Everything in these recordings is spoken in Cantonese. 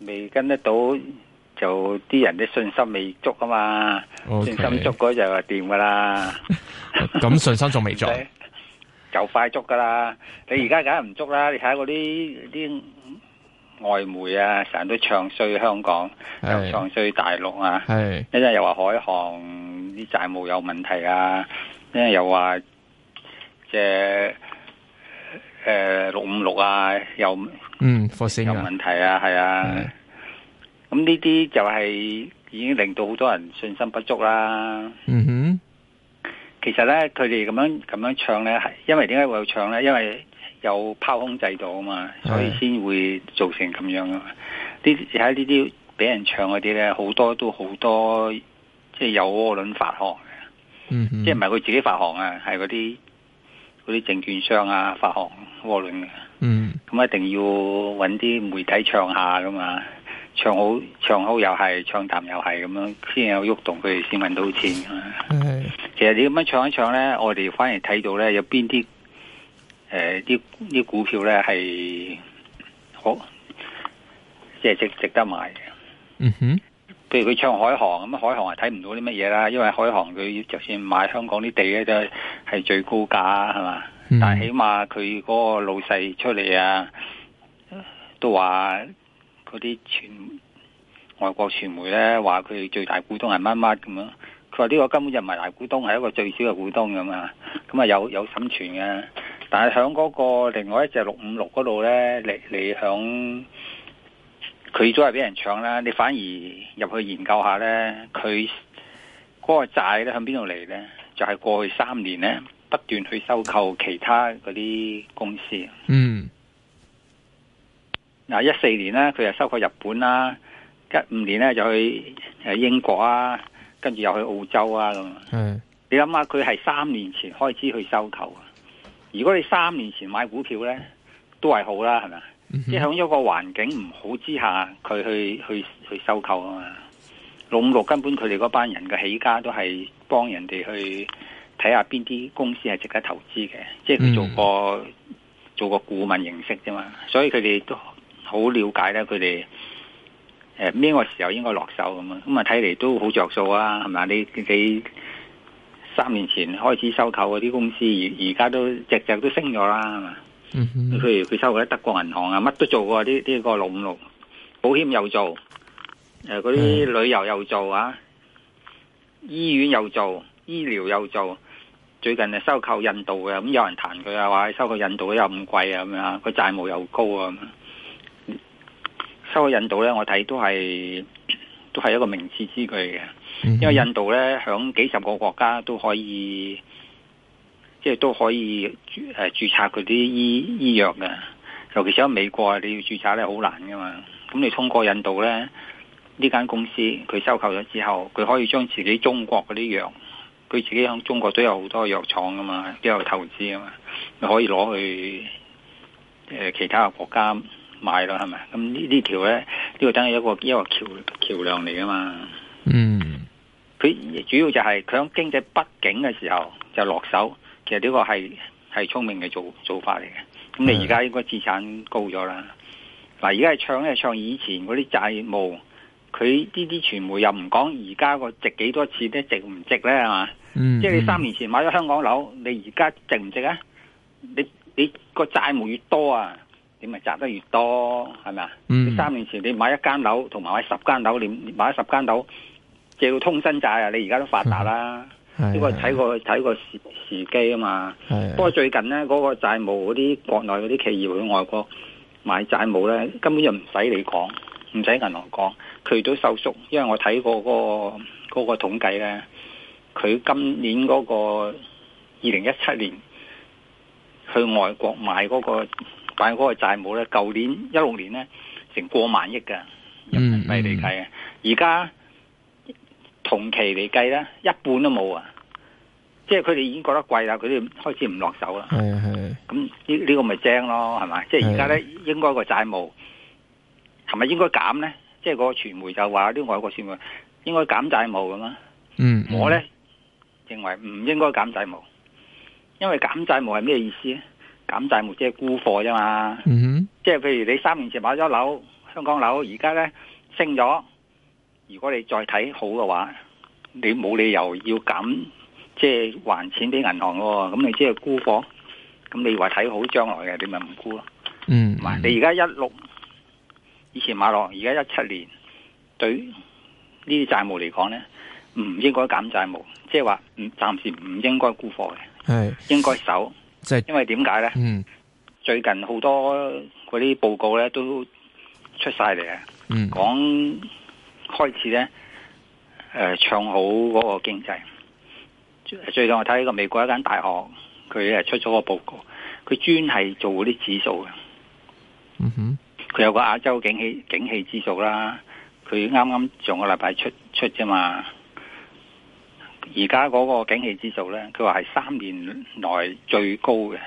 未跟得到就啲人啲信心未足啊嘛，okay. 信心足嗰陣就掂噶啦。咁 信心仲未足，就快足噶啦。你而家梗係唔足啦。你睇下嗰啲啲外媒啊，成日都唱衰香港，hey. 又唱衰大陸啊。一、hey. 陣又話海航啲債務有問題啊，一陣又話即係。就是誒，六五六啊，有，嗯、mm,，有問題啊，係、yeah. 啊。咁呢啲就係已經令到好多人信心不足啦。嗯哼，其實咧，佢哋咁樣咁樣唱咧，係因為點解會有唱咧？因為有拋空制度啊嘛，所以先會造成咁樣啊。呢睇呢啲俾人唱嗰啲咧，好多都好多即係、就是、有窩輪發行，嗯、mm -hmm.，即係唔係佢自己發行啊，係嗰啲。嗰啲證券商啊，發行窩輪嘅。嗯，咁一定要搵啲媒體唱下噶嘛，唱好唱好又係，唱淡又係咁樣，先有喐動，佢哋先搵到錢嘛是是。其實你咁樣唱一唱咧，我哋反而睇到咧，有邊啲誒啲啲股票咧係好，即係值值得買嘅。嗯、哼，譬如佢唱海航咁，海航係睇唔到啲乜嘢啦，因為海航佢就算買香港啲地咧就，都係最高價係嘛？但係起碼佢嗰個老細出嚟啊，都話嗰啲傳外國傳媒咧話佢最大股東係乜乜咁樣。佢話呢個根本就唔係大股東，係一個最少嘅股東咁啊。咁啊有有審存嘅，但係響嗰個另外一隻六五六嗰度咧，你你響佢都係俾人搶啦。你反而入去研究一下咧，佢嗰個債咧響邊度嚟咧？就係、是、過去三年咧，不斷去收購其他嗰啲公司。嗯，嗱、啊，一四年咧，佢又收購日本啦；一五年咧，就去誒英國啊，跟住又去澳洲啊咁。嗯，你諗下，佢係三年前開始去收購啊？如果你三年前買股票咧，都係好啦，係咪？即係喺一個環境唔好之下，佢去去去收購啊嘛。老五六根本佢哋嗰班人嘅起家都係幫人哋去睇下邊啲公司係值得投資嘅，即係佢做過、嗯、做過顧問形式啫嘛，所以佢哋都好了解咧，佢哋誒呢個時候應該落手咁啊，咁啊睇嚟，都好着數啊，係咪啊？你你三年前開始收購嗰啲公司，而而家都只只都升咗啦，係嗯啊，譬如佢收購德國銀行啊，乜都做過，啲、呢、呢個老、呢個、五六保險又做。誒、呃，嗰啲旅遊又做啊，醫院又做，醫療又做。最近誒收購印度嘅，咁、嗯、有人彈佢啊，話收購印度又唔貴啊，咁樣佢債務又高啊、嗯。收購印度咧，我睇都係都係一個明智之舉嘅，因為印度咧響幾十個國家都可以，即、就、係、是、都可以誒註冊佢啲醫醫藥嘅。尤其是喺美國啊，你要註冊咧好難噶嘛。咁你通過印度咧？呢間公司佢收購咗之後，佢可以將自己中國嗰啲藥，佢自己喺中國都有好多藥廠噶嘛，都有投資啊嘛，你可以攞去誒、呃、其他國家買咯，係咪？咁呢呢條咧，呢個等於一個一個橋橋梁嚟噶嘛。嗯，佢、嗯這個、主要就係佢喺經濟不景嘅時候就落手，其實呢個係係聰明嘅做做法嚟嘅。咁你而家應該資產高咗啦。嗱，而家係搶咧，搶以前嗰啲債務。佢呢啲傳媒又唔講，而家個值幾多次呢？值唔值咧？係、嗯、嘛？即係你三年前買咗香港樓，你而家值唔值啊？你你個債務越多啊，你咪賺得越多係咪啊？嗯、你三年前你買一間樓，同埋買十間樓，你買十間樓借到通身債啊！你而家都發達啦，呢、嗯、個睇個睇個時機啊嘛。不過最近呢，嗰、嗰個債務嗰啲國內嗰啲企業去外國買債務咧，根本就唔使你講，唔使銀行講。佢都收縮，因為我睇過嗰個嗰個統計咧，佢今年嗰個二零一七年去外國買嗰個買嗰個債務咧，舊年一六年咧成過萬億嘅人民幣嚟計嘅，而家同期嚟計咧一半都冇啊！即係佢哋已經覺得貴啦，佢哋開始唔落手啦。係啊係，咁呢呢個咪正咯，係咪？即係而家咧，是是應該個債務係咪應該減咧？即係嗰個傳媒就話啲、這個、外國傳媒應該減債務㗎嘛？嗯、mm -hmm.，我咧認為唔應該減債務，因為減債務係咩意思啊？減債務即係沽貨啫嘛。嗯哼，即係譬如你三年前買咗樓，香港樓，而家咧升咗，如果你再睇好嘅話，你冇理由要減，即、就、係、是、還錢俾銀行喎。咁你即係沽貨，咁你話睇好將來嘅，你咪唔沽咯。嗯、mm -hmm.，你而家一六。以前馬洛而家一七年對呢啲債務嚟講咧，唔應該減債務，即係話暫時唔應該沽貨嘅，係應該守。即係因為點解咧？嗯，最近好多嗰啲報告咧都出晒嚟啊！嗯，講開始咧，誒、呃，唱好嗰個經濟。最近我睇呢個美國一間大學，佢係出咗個報告，佢專係做嗰啲指數嘅。嗯哼。佢有個亞洲景氣景氣指數啦，佢啱啱上個禮拜出出啫嘛，而家嗰個景氣指數咧，佢話係三年內最高嘅。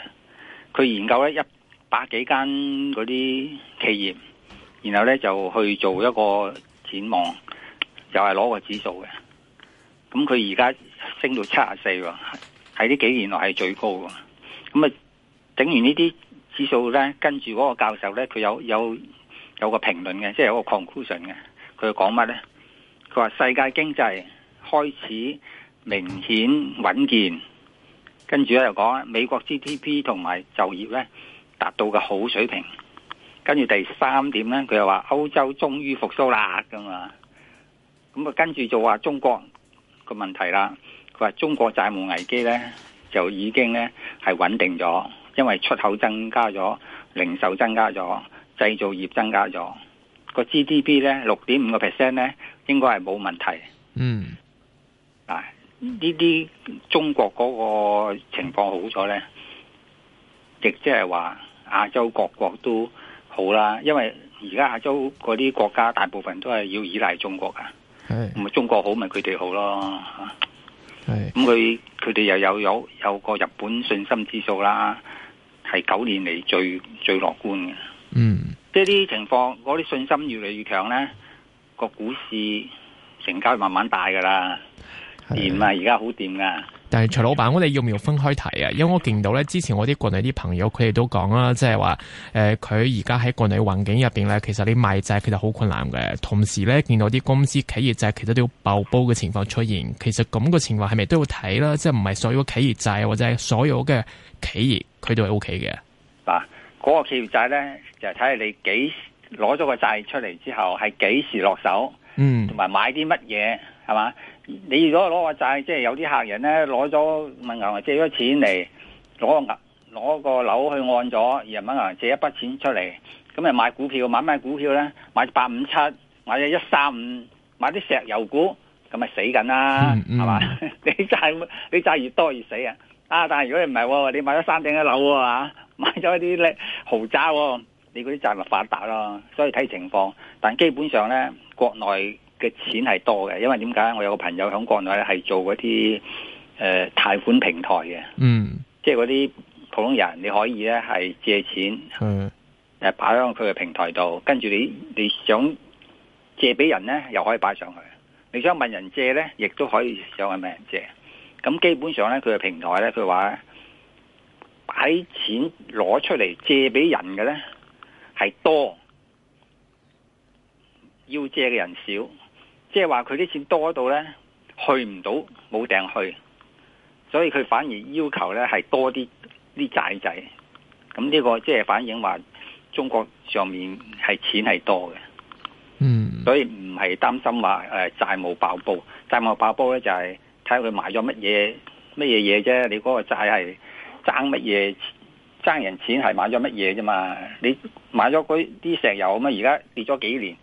佢研究咧一百幾間嗰啲企業，然後咧就去做一個展望，又係攞個指數嘅。咁佢而家升到七十四喎，喺呢幾年內係最高嘅。咁啊，頂完呢啲。指數咧，跟住嗰個教授咧，佢有有有個評論嘅，即係有個 conclusion 嘅。佢講乜咧？佢話世界經濟開始明顯穩健，跟住咧又講美國 GDP 同埋就業咧達到嘅好水平。跟住第三點咧，佢又話歐洲終於復蘇啦，咁啊，咁啊跟住就話中國個問題啦。佢話中國債務危機咧就已經咧係穩定咗。因為出口增加咗，零售增加咗，製造業增加咗，個 GDP 咧六點五個 percent 咧，應該係冇問題。嗯，啊，呢啲中國嗰個情況好咗咧，亦即係話亞洲各國都好啦。因為而家亞洲嗰啲國家大部分都係要依賴中國噶，咁啊中國好咪佢哋好咯。係咁佢佢哋又有有有個日本信心之數啦。係九年嚟最最樂觀嘅，嗯，即係啲情況，嗰啲信心越嚟越強咧，個股市成交慢慢大噶啦，掂啊，而家好掂噶、啊。但係徐老闆，我哋要唔要分開睇啊？因為我見到咧，之前我啲國內啲朋友佢哋都講啦，即係話，誒、呃，佢而家喺國內環境入邊咧，其實你賣債其實好困難嘅。同時咧，見到啲公司企業債其實都要爆煲嘅情況出現。其實咁個情況係咪都要睇啦？即係唔係所有企業債或者係所有嘅企業佢都係 O K 嘅？嗱、啊，嗰、那個企業債咧就係睇下你幾時攞咗個債出嚟，之後係幾時落手，嗯，同埋買啲乜嘢係嘛？你如果攞個債，即係有啲客人咧攞咗問銀行借咗錢嚟，攞個銀攞個樓去按咗，然後問銀行借一筆錢出嚟，咁咪買股票，買咩股票咧？買八五七，買一三五，買啲石油股，咁咪死緊啦，係、嗯、嘛？ 你債你債越多越死啊！啊，但係如果你唔係喎，你買咗山頂嘅樓喎、啊、買咗一啲咧豪宅喎，你嗰啲債咪發達咯。所以睇情況，但基本上咧，國內，嘅錢係多嘅，因為點解？我有個朋友喺國內咧，係做嗰啲誒貸款平台嘅，嗯、mm.，即係嗰啲普通人你可以咧係借錢，嗯，誒擺喺佢嘅平台度，跟住你你想借俾人咧，又可以擺上去；你想問人借咧，亦都可以上去問人借。咁基本上咧，佢嘅平台咧，佢話擺錢攞出嚟借俾人嘅咧係多，要借嘅人少。即係話佢啲錢多到咧去唔到冇埞，去，所以佢反而要求咧係多啲啲債仔。咁呢個即係反映話中國上面係錢係多嘅。嗯，所以唔係擔心話誒債務爆煲。債務爆煲咧就係睇下佢買咗乜嘢乜嘢嘢啫。你嗰個債係爭乜嘢？爭人錢係買咗乜嘢啫嘛？你買咗嗰啲石油咁啊？而家跌咗幾年。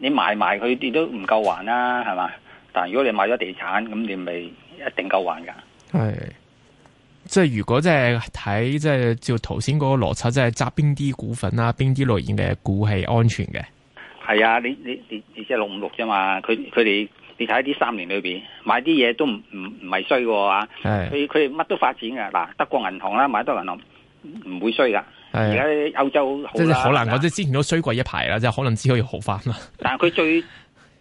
你賣埋佢哋都唔夠還啦，係嘛？但如果你買咗地產，咁你咪一定夠還噶。係，即係如果即係睇，即係照頭先嗰個邏輯，即係揸邊啲股份啦，邊啲類型嘅股係安全嘅。係啊，你你你即係六五六啫嘛，佢佢哋你睇啲三年裏邊買啲嘢都唔唔唔係衰啊，佢佢哋乜都發展㗎。嗱，德國銀行啦，買德國銀行唔會衰噶。而家歐洲好即係可能，即、即係、之前都衰過一排啦，即係可能只可以好返啦。但係佢最低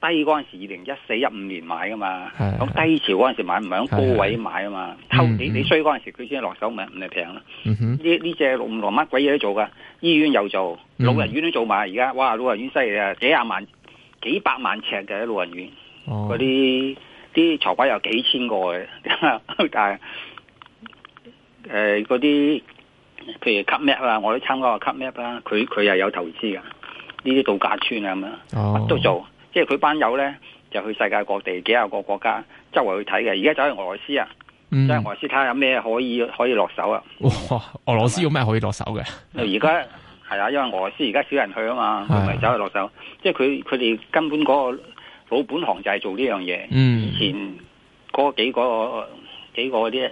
嗰陣時，二零一四一五年買噶嘛，咁低潮嗰陣時買唔係，咁高位買啊嘛，偷你嗯嗯你，你衰嗰陣時佢先落手不，咪唔係平咯。呢呢隻唔同乜鬼嘢都做噶，醫院又做、嗯、老人院都做埋，而家哇老人院犀利啊，幾廿萬幾百萬尺嘅老人院，嗰啲啲床位有幾千個嘅， 但係誒嗰啲。呃那些譬如 cut map 啦、啊，我都參加個 cut map 啦、啊，佢佢又有投資噶，呢啲度假村啊咁樣，乜、oh. 都做。即係佢班友咧，就去世界各地幾十個國家周圍去睇嘅。而家走去俄羅斯啊，即、嗯、係、就是、俄羅斯睇下有咩可以可以落手啊。哇！俄羅斯有咩可以落手嘅？而家係啊，因為俄羅斯而家少人去啊嘛，咁 咪走去落手。即係佢佢哋根本嗰個老本行就係做呢樣嘢。以前嗰幾個幾個啲。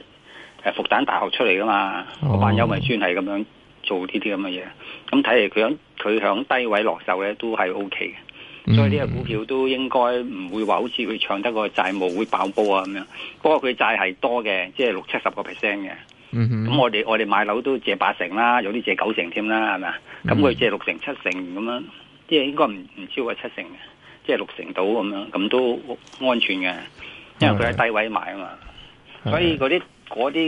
誒復旦大學出嚟噶嘛？Oh. 我班友咪專係咁樣做呢啲咁嘅嘢，咁睇嚟佢響佢響低位落手咧，都係 O K 嘅。Mm -hmm. 所以呢個股票都應該唔會話好似佢搶得個債務會爆煲啊咁樣。不過佢債係多嘅，即係六七十個 percent 嘅。咁、mm -hmm. 我哋我哋買樓都借八成啦，有啲借九成添啦，係咪？咁佢借六成七成咁樣，即係應該唔唔超過七成嘅，即係六成到咁樣，咁都安全嘅，因為佢喺低位買啊嘛。Mm -hmm. 所以嗰啲。嗰啲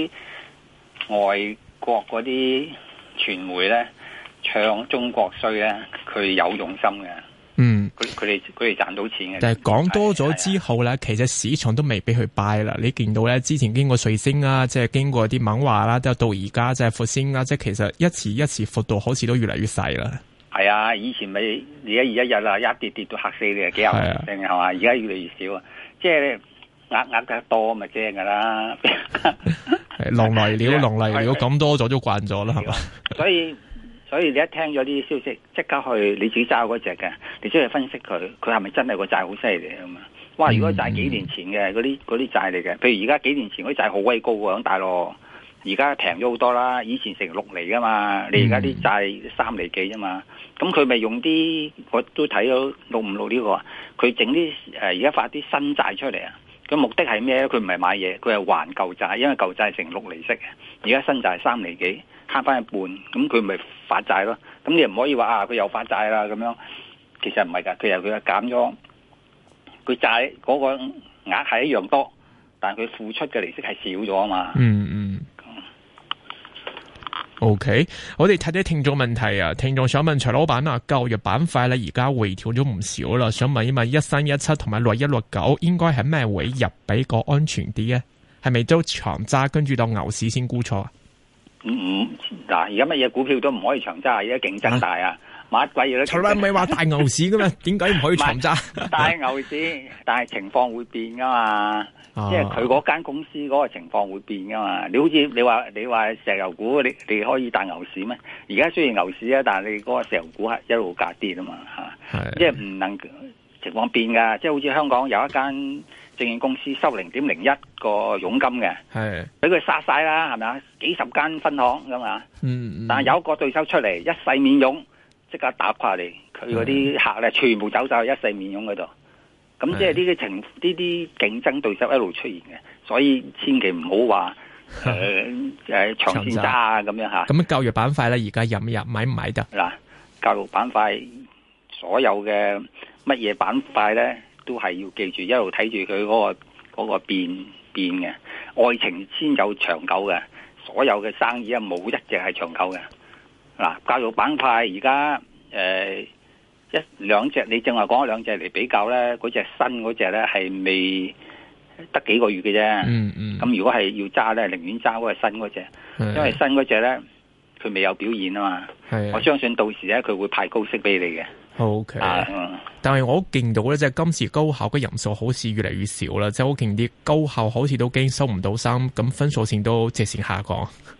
外國嗰啲傳媒咧，唱中國衰咧，佢有用心嘅。嗯，佢佢哋佢哋賺到錢嘅。但係講多咗之後咧、啊，其實市場都未俾佢 buy 啦。你見到咧，之前經過瑞星啊，即係經過啲敏華啦，到到而家即係復星啦，即係其實一次一次幅度好似都越嚟越細啦。係啊，以前咪而家而一日啊，一跌跌到吓死你，幾廿蚊定係嘛，而家、啊、越嚟越少啊，即係。呃呃，嘅多咪正噶啦？狼來了，狼 來了咁多咗都慣咗啦，係嘛？所以所以你一聽咗啲消息，即刻去你自己揸嗰隻嘅，你先去分析佢，佢係咪真係個債好犀利啊？嘛，哇！如果債幾年前嘅嗰啲嗰啲債嚟嘅，譬如而家幾年前嗰啲債好威高嘅喺大陸，而家平咗好多啦。以前成六厘噶嘛，你而家啲債三厘幾啫嘛。咁佢咪用啲？我都睇到六五六呢、這個？佢整啲誒，而、呃、家發啲新債出嚟啊！佢目的係咩咧？佢唔係買嘢，佢係還舊債，因為舊債成六厘息，而家新債三厘幾，慳翻一半。咁佢咪發債咯？咁你唔可以話啊，佢又發債啦咁樣。其實唔係㗎，佢又佢係減咗。佢債嗰個額係一樣多，但佢付出嘅利息係少咗啊嘛。嗯嗯。OK，我哋睇啲聽眾問題啊，聽眾想問徐老闆啊，教育板塊咧，而家回調咗唔少啦，想問一問一三一七同埋六一六九，應該係咩位入比較安全啲啊？係咪都長揸跟住到牛市先沽出啊？唔、嗯、嗱，而家乜嘢股票都唔可以長揸，而家競爭大啊。乜鬼嘢咧，佢咪話大牛市噶咩？點解唔可以揸大牛市，但係情況會變噶嘛？啊、即係佢嗰間公司嗰個情況會變噶嘛？你好似你話你話石油股，你你可以大牛市咩？而家雖然牛市啊，但係你嗰個石油股係一路價跌啊嘛吓，即係唔能情況變噶。即係好似香港有一間證券公司收零點零一個佣金嘅，俾佢殺晒啦，係咪啊？幾十間分行咁啊，嗯嗯但係有一個對手出嚟一世免佣。即刻打垮你，佢嗰啲客咧、嗯、全部走晒一世面擁嗰度，咁即係呢啲情呢啲競爭對手一路出現嘅，所以千祈唔好話誒誒長線揸啊咁、嗯、樣吓。咁教育板塊咧而家入唔入，買唔買得嗱？教育板塊所有嘅乜嘢板塊咧，都係要記住一路睇住佢嗰個嗰、嗰個變變嘅，愛情先有長久嘅，所有嘅生意啊冇一隻係長久嘅。嗱，教育板塊而家誒一兩隻，你正話講兩隻嚟比較咧，嗰隻新嗰隻咧係未得幾個月嘅啫。嗯嗯。咁如果係要揸咧，寧願揸嗰個新嗰隻，因為新嗰隻咧佢未有表現啊嘛。我相信到時咧，佢會派高息俾你嘅。OK、啊。但係我見到咧，即係今次高考嘅人數好似越嚟越少啦，即係好勁啲高校好似都驚收唔到生，咁分數線都直線下降。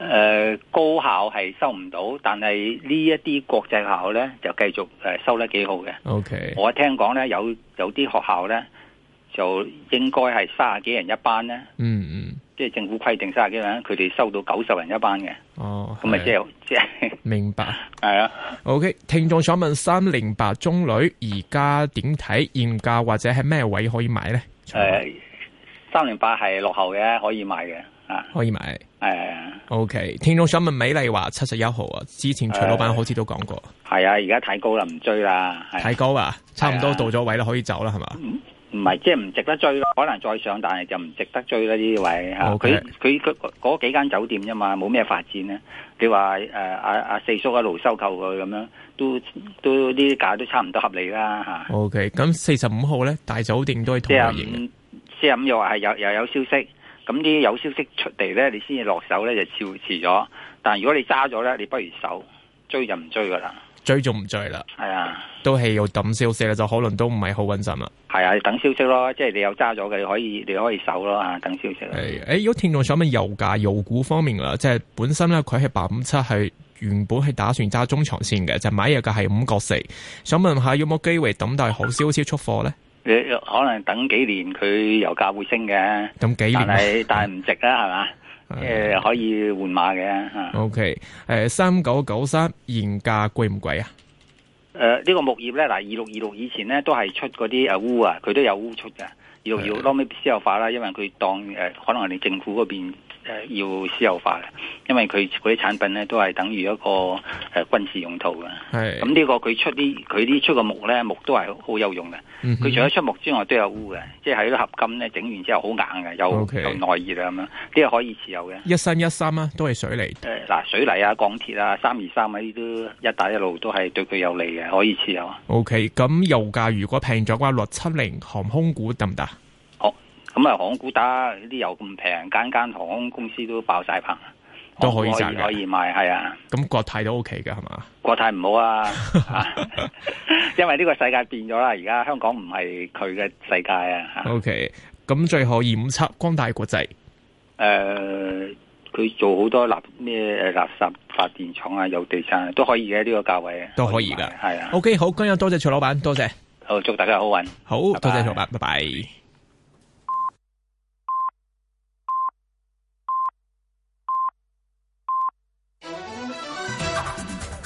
誒、呃，高校係收唔到，但係呢一啲國際校咧就繼續誒收得幾好嘅。O、okay. K，我聽講咧有有啲學校咧就應該係三十幾人一班咧。嗯嗯，即係政府規定三十幾人，佢哋收到九十人一班嘅。哦，咁咪即係即係明白。係 啊。O、okay. K，聽眾想問三零八中旅而家點睇？現價或者係咩位可以買咧？誒、呃，三零八係落後嘅，可以買嘅啊，可以買。誒、啊、，OK，聽眾想問美麗華七十一號啊，之前徐老闆好似都講過，係啊，而家太高啦，唔追啦、啊，太高啊，差唔多到咗位啦、啊，可以走啦，係嘛？唔係，係，即係唔值得追咯，可能再上，但係就唔值得追啦呢位吓。佢佢嗰幾間酒店啫嘛，冇咩發展咧。你話誒阿阿四叔一路收購佢咁樣，都都呢啲價都差唔多合理啦吓。OK，咁四十五號咧，大酒店都係同樣型嘅。四十五又係有又有，有，有消息。咁啲有消息出嚟咧，你先至落手咧就超遲咗。但如果你揸咗咧，你不如手追就唔追噶啦，追就唔追啦。係啊，都係要等消息咧，就可能都唔係好穩陣啦。係啊，你等你你你，等消息咯。即係你有揸咗嘅，可以你可以守咯啊。等消息。誒，如果聽眾想問油價、油股方面啦，即係本身咧，佢係八五七，係原本係打算揸中長線嘅，就是、買入嘅係五角四。想問下有冇機會等待好消息出貨咧？你可能等幾年佢油價會升嘅，但係但係唔 值啦，係嘛、 呃，可以換馬嘅。O K，誒，三九九三現價貴唔貴啊？誒、呃，呢、這個木業咧嗱，二六二六以前咧都係出嗰啲誒污啊，佢都有污出嘅，二六二六多啲私有化啦，因為佢當誒、呃、可能人哋政府嗰邊。誒，要私有化嘅，因為佢啲產品咧都係等於一個誒軍事用途嘅。係，咁、這、呢個佢出啲佢呢出個木咧，木都係好有用嘅。佢、嗯、除咗出木之外都有烏嘅，即係喺個合金咧整完之後好硬嘅，又、okay. 又耐熱啊咁樣，呢個可以持有嘅。一三一三啊，都係水泥誒，嗱水泥啊，鋼鐵啊，三二三啊，呢都一帶一路都係對佢有利嘅，可以持有。OK，咁油價如果平咗嘅話，六七零航空股得唔得？咁、嗯、啊，航空股打，呢啲又咁平，間間航空公司都爆晒棚，都可以賺，可以買係啊。咁國泰都 O K 嘅係嘛？國泰唔好啊， 因為呢個世界變咗啦，而家香港唔係佢嘅世界啊。O K，咁最後二五七光大國際，誒、呃，佢做好多垃咩誒垃圾發電廠啊，有地產都可以嘅呢、這個價位，都可以噶係啊。O、okay, K，好，今日多謝徐老闆，多謝，好祝大家好運，好多謝徐老闆，拜拜。